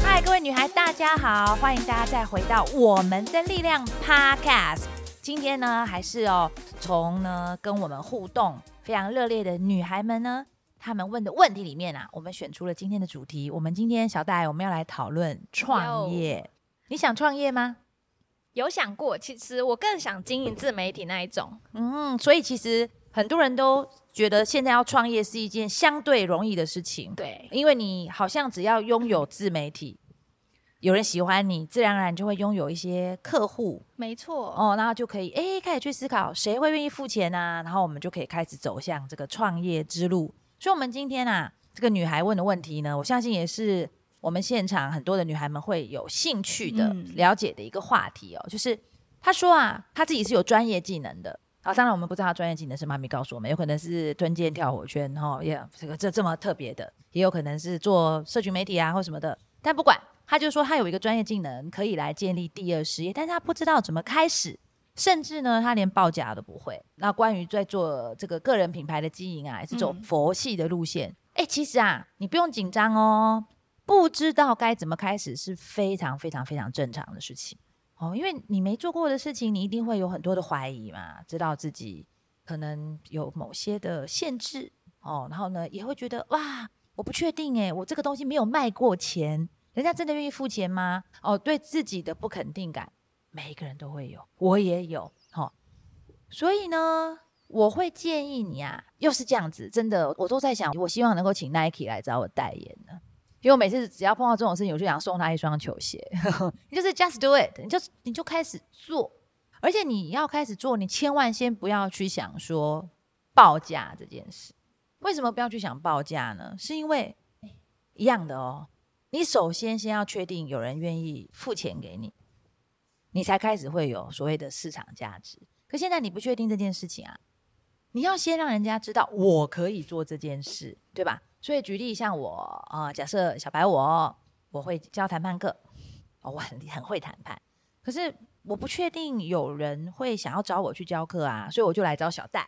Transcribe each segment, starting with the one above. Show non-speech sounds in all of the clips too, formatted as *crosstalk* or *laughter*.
嗨，各位女孩，大家好！歡迎大家再回到我們的力量 Podcast。今天呢，還是哦，從呢跟我們互動非常熱烈的女孩們呢，她們問的問題裡面啊，我們選出了今天的主題。我們今天小戴，我們要來討論創業。Oh. 你想創業嗎？有想過，其實我更想經營自媒體那一種。嗯，所以其實很多人都覺得現在要創業是一件相對容易的事情。對，因為你好像只要擁有自媒體，有人喜歡你，自然而然就會擁有一些客戶。沒錯。哦，然後就可以哎、欸、開始去思考誰會願意付錢啊，然後我們就可以開始走向這個創業之路。所以，我們今天啊，這個女孩問的問題呢，我相信也是。我們現場很多的女孩們會有興趣的、嗯、了解的一個話題哦、喔，就是她說啊，她自己是有專業技能的好，啊，當然我們不知道她專業技能是媽咪告訴我們，有可能是吞劍跳火圈。哦，也這個這這麼特別的，也有可能是做社群媒體啊或什麼的。但不管，她就說她有一個專業技能可以來建立第二事業，但是她不知道怎麼開始，甚至呢，她連報價都不會。那關於在做這個個人品牌的經營啊，也是走佛系的路線。哎、嗯、欸，其實啊，你不用緊張哦。不知道該怎麼開始是非常非常非常正常的事情哦，因為你沒做過的事情，你一定會有很多的懷疑嘛，知道自己可能有某些的限制哦，然後呢，也會覺得哇，我不確定誒，我這個東西沒有賣過錢，人家真的願意付錢嗎？哦，對自己的不肯定感，每一個人都會有，我也有哦，所以呢，我會建議你啊，又是這樣子，真的，我都在想，我希望能夠請 Nike 來找我代言呢。因為我每次只要碰到這種事情，我就想送他一雙球鞋。 *laughs* 你就是 just do it，你就你就開始做，而且你要開始做，你千萬先不要去想說報價這件事。為什麼不要去想報價呢？是因為一樣的哦，你首先先要確定有人願意付錢給你，你才開始會有所謂的市場價值。可現在你不確定這件事情啊，你要先讓人家知道我可以做這件事，對吧？所以舉例像我，啊、呃，假設小白我，我會教談判課，我很很會談判，可是我不確定有人會想要找我去教課啊，所以我就來找小戴，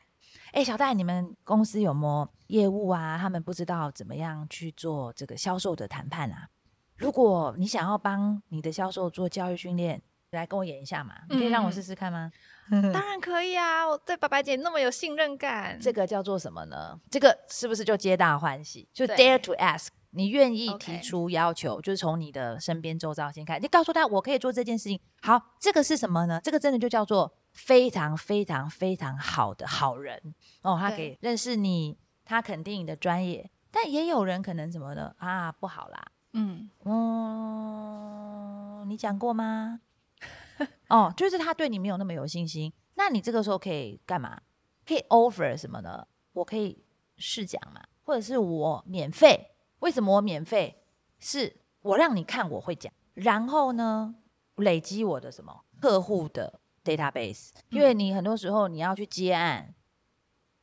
哎、欸，小戴你們公司有沒有業務啊？他們不知道怎麼樣去做這個銷售的談判啊？如果你想要幫你的銷售做教育訓練。來跟我演一下嘛，你可以讓我試試看嗎？嗯、 *laughs* 當然可以啊，我對白白姐那麼有信任感。這個叫做什麼呢？這個是不是就皆大歡喜？就 dare to ask，你願意提出要求，okay. 就是從你的身邊周遭先看，你告訴他我可以做這件事情。好，這個是什麼呢？這個真的就叫做非常非常非常好的好人哦。他可以認識你，他肯定你的專業，但也有人可能什麼呢？啊？不好啦，嗯嗯，你講過嗎？ *laughs* 哦，就是他對你沒有那麼有信心，那你這個時候可以幹嘛？可以 offer 什麼的？我可以試講嘛？或者是我免費？為什麼我免費？是我讓你看我會講，然後呢，累積我的什麼客戶的 database？、嗯、因為你很多時候你要去接案，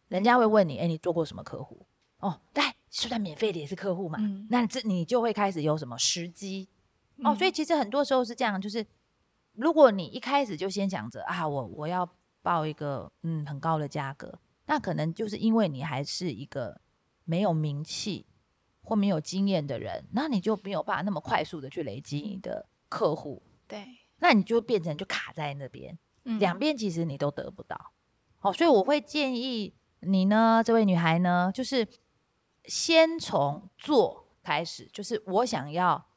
人家會問你，哎，你做過什麼客戶？哦，但就算免費的也是客戶嘛、嗯。那這你就會開始有什麼時機、嗯？哦，所以其實很多時候是這樣，就是。如果你一開始就先想着啊，我我要報一個嗯很高的價格，那可能就是因為你還是一個沒有名氣或沒有經驗的人，那你就沒有辦法那麼快速的去累積你的客戶，對，那你就變成就卡在那邊，兩邊其實你都得不到。好，嗯，哦，所以我會建議你呢，這位女孩呢，就是先從做開始，就是我想要。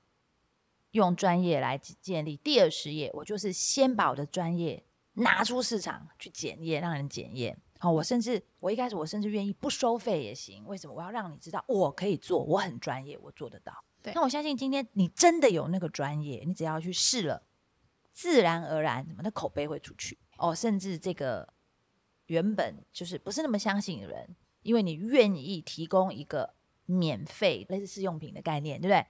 用專業來建立第二事業，我就是先把我的專業拿出市場去檢驗，讓人檢驗。哦，我甚至我一開始我甚至願意不收費也行，為什麼？我要讓你知道我可以做，我很專業，我做得到。對，那我相信今天你真的有那個專業，你只要去試了，自然而然，你的口碑會出去。哦，甚至這個原本就是不是那麼相信的人，因為你願意提供一個免費類似試用品的概念，對不對？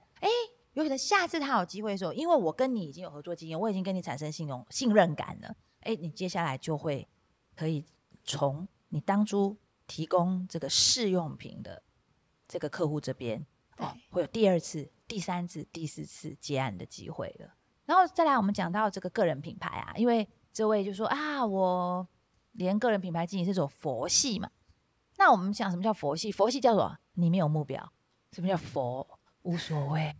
有可能下次他有機會的時候，因為我跟你已經有合作經驗，我已經跟你產生信用信任感了。哎、欸，你接下來就會可以從你當初提供這個試用品的這個客戶這邊，哦，會有第二次、第三次、第四次接案的機會了。然後再來，我們講到這個個人品牌啊，因為這位就說啊，我連個人品牌經營是一種佛系嘛？那我們講什麼叫佛系？佛系叫什麼？你沒有目標。什麼叫佛？無所謂。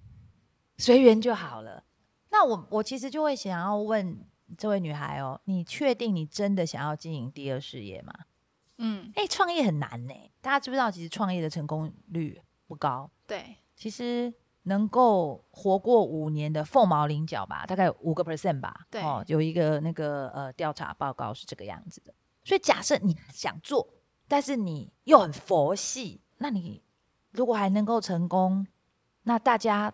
隨緣就好了。那我我其實就會想要問這位女孩喔，你確定你真的想要經營第二事業嗎？嗯，欸，創業很難呢。大家知不知道，其實創業的成功率不高？對，其實能夠活過五年的鳳毛麟角吧，大概五個 percent 吧。對，喔，有一個那個呃調查報告是這個樣子的。所以假設你想做，但是你又很佛系，那你如果還能夠成功，那大家。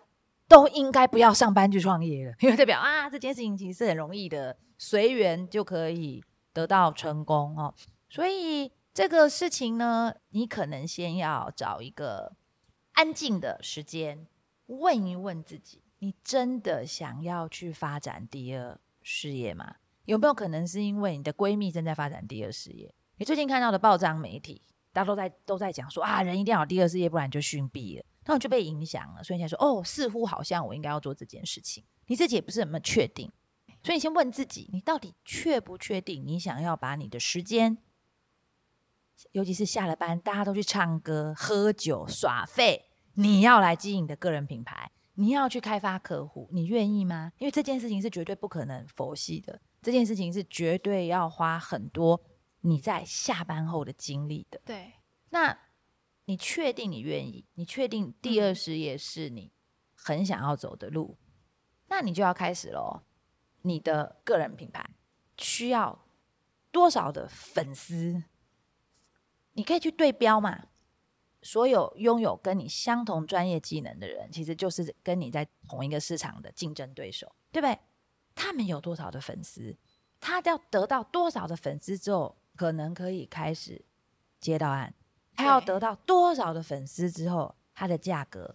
都應該不要上班去創業了，因為代表啊，這件事情其實是很容易的，隨緣就可以得到成功哦。所以這個事情呢，你可能先要找一個安靜的時間，問一問自己，你真的想要去發展第二事業嗎？有沒有可能是因為你的閨蜜正在發展第二事業？你最近看到的報章媒體，大家都在都在講說啊，人一定要有第二事業，不然就遜斃了。那我就被影響了，所以你想說哦，似乎好像我應該要做這件事情。你自己也不是很確定，所以你先問自己，你到底確不確定？你想要把你的時間，尤其是下了班，大家都去唱歌、喝酒、耍廢，你要來經營你的個人品牌，你要去開發客戶，你願意嗎？因為這件事情是絕對不可能佛系的，這件事情是絕對要花很多你在下班後的精力的。對，那。你確定你願意？你確定第二事業是你很想要走的路？嗯、那你就要開始嘍。你的個人品牌需要多少的粉絲？你可以去對標嘛。所有擁有跟你相同專業技能的人，其實就是跟你在同一個市場的競爭對手，對不對？他們有多少的粉絲？他要得到多少的粉絲之後，可能可以開始接到案。他要得到多少的粉絲之後，他的價格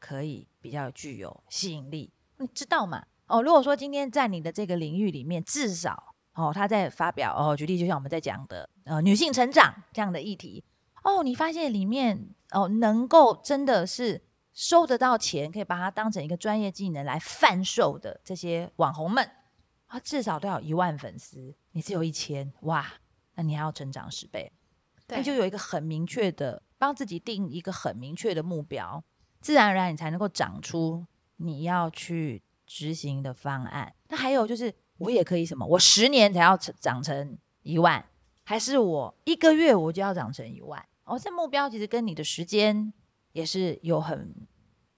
可以比較具有吸引力，你知道嗎？哦，如果說今天在你的這個領域裡面，至少哦，他在發表哦，舉例就像我們在講的呃女性成長這樣的議題哦，你發現裡面哦能夠真的是收得到錢，可以把它當成一個專業技能來販售的這些網紅們，他、哦、至少都要一萬粉絲，你只有一千，哇，那你還要成長十倍。那就有一個很明確的，幫自己定一個很明確的目標，自然而然你才能夠長出你要去執行的方案。那還有就是，我也可以什麼？我十年才要成長成一萬，還是我一個月我就要長成一萬？哦，這目標其實跟你的時間也是有很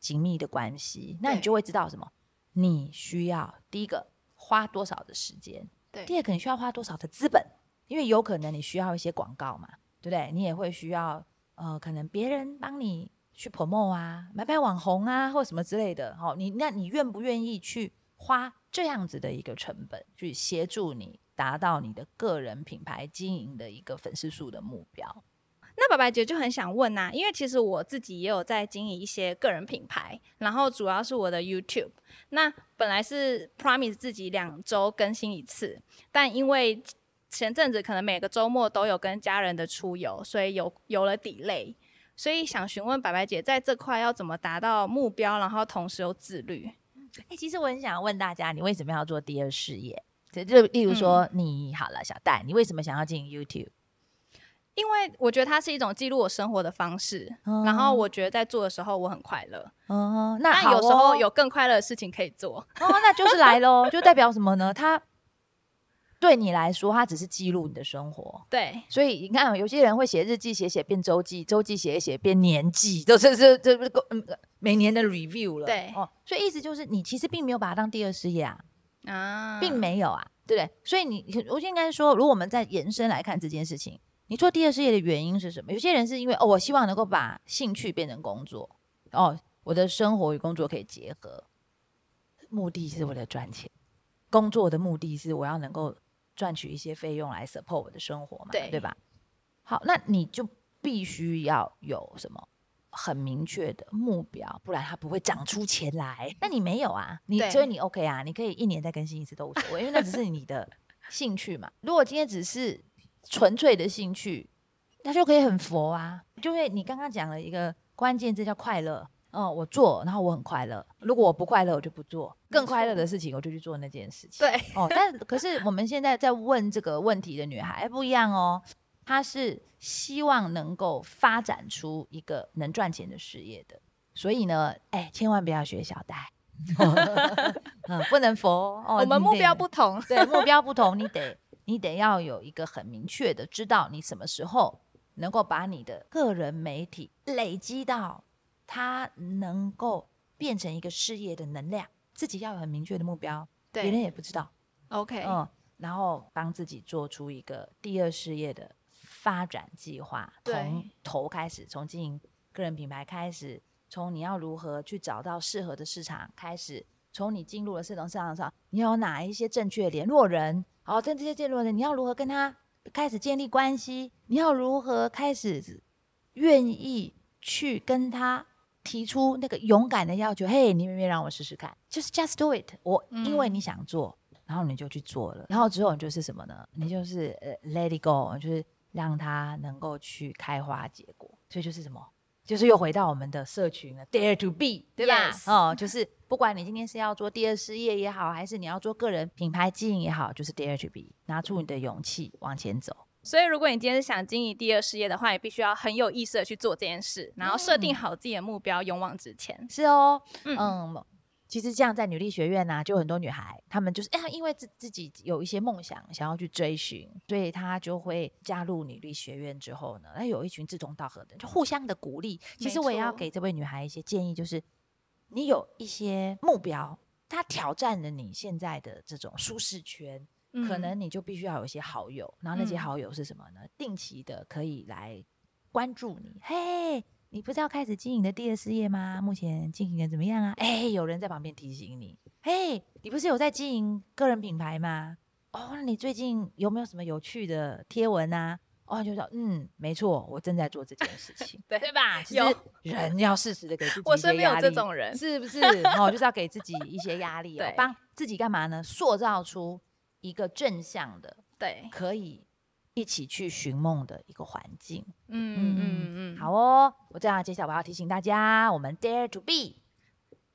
緊密的關係。那你就會知道什麼？你需要第一個花多少的時間？對，第二可能需要花多少的資本？因為有可能你需要一些廣告嘛。對不對？你也會需要，呃，可能別人幫你去 promote 啊，買買網紅啊，或什麼之類的。哦，你那你願不願意去花這樣子的一個成本，去協助你達到你的個人品牌經營的一個粉絲數的目標？那白白姐就很想問吶、啊，因為其實我自己也有在經營一些個人品牌，然後主要是我的 YouTube，那本來是 promise 自己兩周更新一次，但因為前陣子可能每個周末都有跟家人的出遊，所以有有了 delay。所以想詢問白白姐在這塊要怎麼達到目標，然後同時又自律。哎、欸，其實我很想要問大家，你為什麼要做第二事業？就例如說，嗯、你好了，小戴，你為什麼想要進行 YouTube？因為我覺得它是一種記錄我生活的方式、嗯，然後我覺得在做的時候我很快樂。嗯、哦，那有時候有更快樂的事情可以做，哦，那就是來嘍、哦， *laughs* 就代表什麼呢？它。對你來說，它只是記錄你的生活。對，所以你看，有些人會寫日記，寫寫變周記，周記寫一寫，寫變年記，都是這這每年的 review 了。對哦，所以意思就是，你其實並沒有把它當第二事業啊，啊，並沒有啊，對不對？所以你，我應該說，如果我們再延伸來看這件事情，你做第二事業的原因是什麼？有些人是因為哦，我希望能夠把興趣變成工作，哦，我的生活與工作可以結合，目的是為了賺錢。工作的目的是我要能夠。賺取一些費用來 support 我的生活嘛，對，對吧？好，那你就必須要有什麼很明確的目標，不然它不會長出錢來。那你沒有啊？你所以你 OK 啊？你可以一年再更新一次都無所謂，因為那只是你的興趣嘛。 *laughs* 如果今天只是純粹的興趣，那就可以很佛啊。就會你剛剛講了一個關鍵字叫快樂。哦，我做，然後我很快樂。如果我不快樂，我就不做。更快樂的事情，我就去做那件事情。對，哦，但可是我們現在在問這個問題的女孩不一樣哦，她是希望能夠發展出一個能賺錢的事業的。所以呢，哎，千萬不要學小戴、 *laughs* *laughs* 嗯，不能佛、哦。我們目標不同， *laughs* 對，目標不同，你得你得要有一個很明確的，知道你什麼時候能夠把你的個人媒體累積到。他能夠變成一個事業的能量，自己要有很明確的目標，對，別人也不知道，OK，嗯，然後幫自己做出一個第二事業的發展計劃，從頭開始，從經營個人品牌開始，從你要如何去找到適合的市場開始，從你進入了這種市場上，你有哪一些正確聯絡人，好，但這些聯絡人你要如何跟他開始建立關係，你要如何開始願意去跟他。提出那個勇敢的要求，嘿，你明明讓我試試看，就是 just do it。我因為你想做，嗯，然後你就去做了，然後之後你就是什麼呢？你就是呃、uh, let it go，就是讓它能夠去開花結果。所以就是什麼？就是又回到我們的社群了，dare to be，對吧？Yes. 哦，就是不管你今天是要做第二事業也好，還是你要做個人品牌經營也好，就是 dare to be，拿出你的勇氣往前走。所以，如果你今天是想經營第二事業的話，你必須要很有意識的去做這件事，然後設定好自己的目標，嗯、勇往直前。是哦，嗯，嗯，其實這樣在女力學院呢、啊，就很多女孩，她們就是哎，欸、因為自自己有一些夢想想要去追尋，所以她就會加入女力學院之後呢，那有一群志同道合的人，就互相的鼓勵。其實我也要給這位女孩一些建議，就是你有一些目標，她挑戰了你現在的這種舒適圈。可能你就必須要有一些好友、嗯，然後那些好友是什麼呢？定期的可以來關注你。嘿，你不是要開始經營的第二事業嗎？目前進行的怎麼樣啊？誒、欸，有人在旁邊提醒你。嘿，你不是有在經營個人品牌嗎？哦，那你最近有沒有什麼有趣的貼文啊？哦，你就說嗯，沒錯，我正在做這件事情， *laughs* 對吧？實有人要適時的給自己一些壓力 *laughs* 我身邊有這種人， *laughs* 是不是？哦，就是要給自己一些壓力、哦， *laughs* 對，幫自己幹嘛呢？塑造出。一個正向的，對，可以一起去尋夢的一個環境。嗯嗯嗯嗯，好哦，我這樣接下來我要提醒大家，我們 Dare to Be，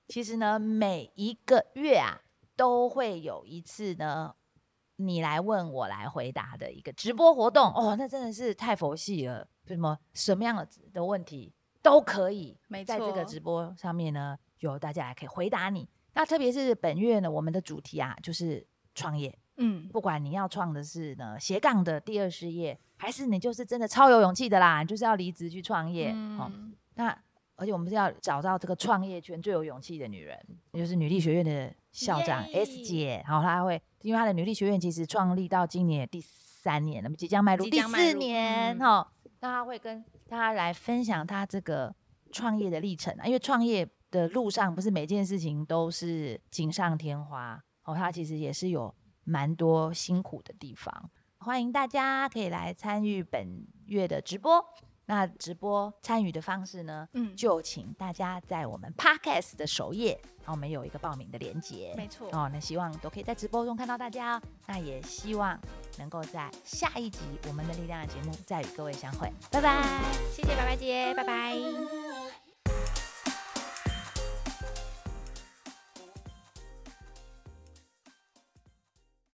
其實呢，每一個月啊，都會有一次呢，你來問我來回答的一個直播活動。哦，那真的是太佛系了，就什麼什麼樣的的問題都可以。沒錯，在這個直播上面呢，有大家來可以回答你。那特別是本月呢，我們的主題啊，就是創業。嗯，不管你要創的是呢斜槓的第二事業，還是你就是真的超有勇氣的啦，你就是要離職去創業、嗯、哦。那而且我們是要找到這個創業圈最有勇氣的女人，也就是女力學院的校長 S, S 姐。好、哦，她會因為她的女力學院其實創立到今年第三年，那麼即將邁入第四年哈、哦嗯哦。那她會跟她來分享她這個創業的歷程啊，因為創業的路上不是每件事情都是錦上添花哦，她其實也是有。蠻多辛苦的地方，歡迎大家可以來參與本月的直播。那直播參與的方式呢？嗯，就請大家在我們 Podcast 的首頁，然後我們有一個報名的鏈接。沒錯。哦，那希望都可以在直播中看到大家哦。那也希望能夠在下一集《我們的力量》節目再與各位相會。拜拜，謝謝白白姐，拜拜。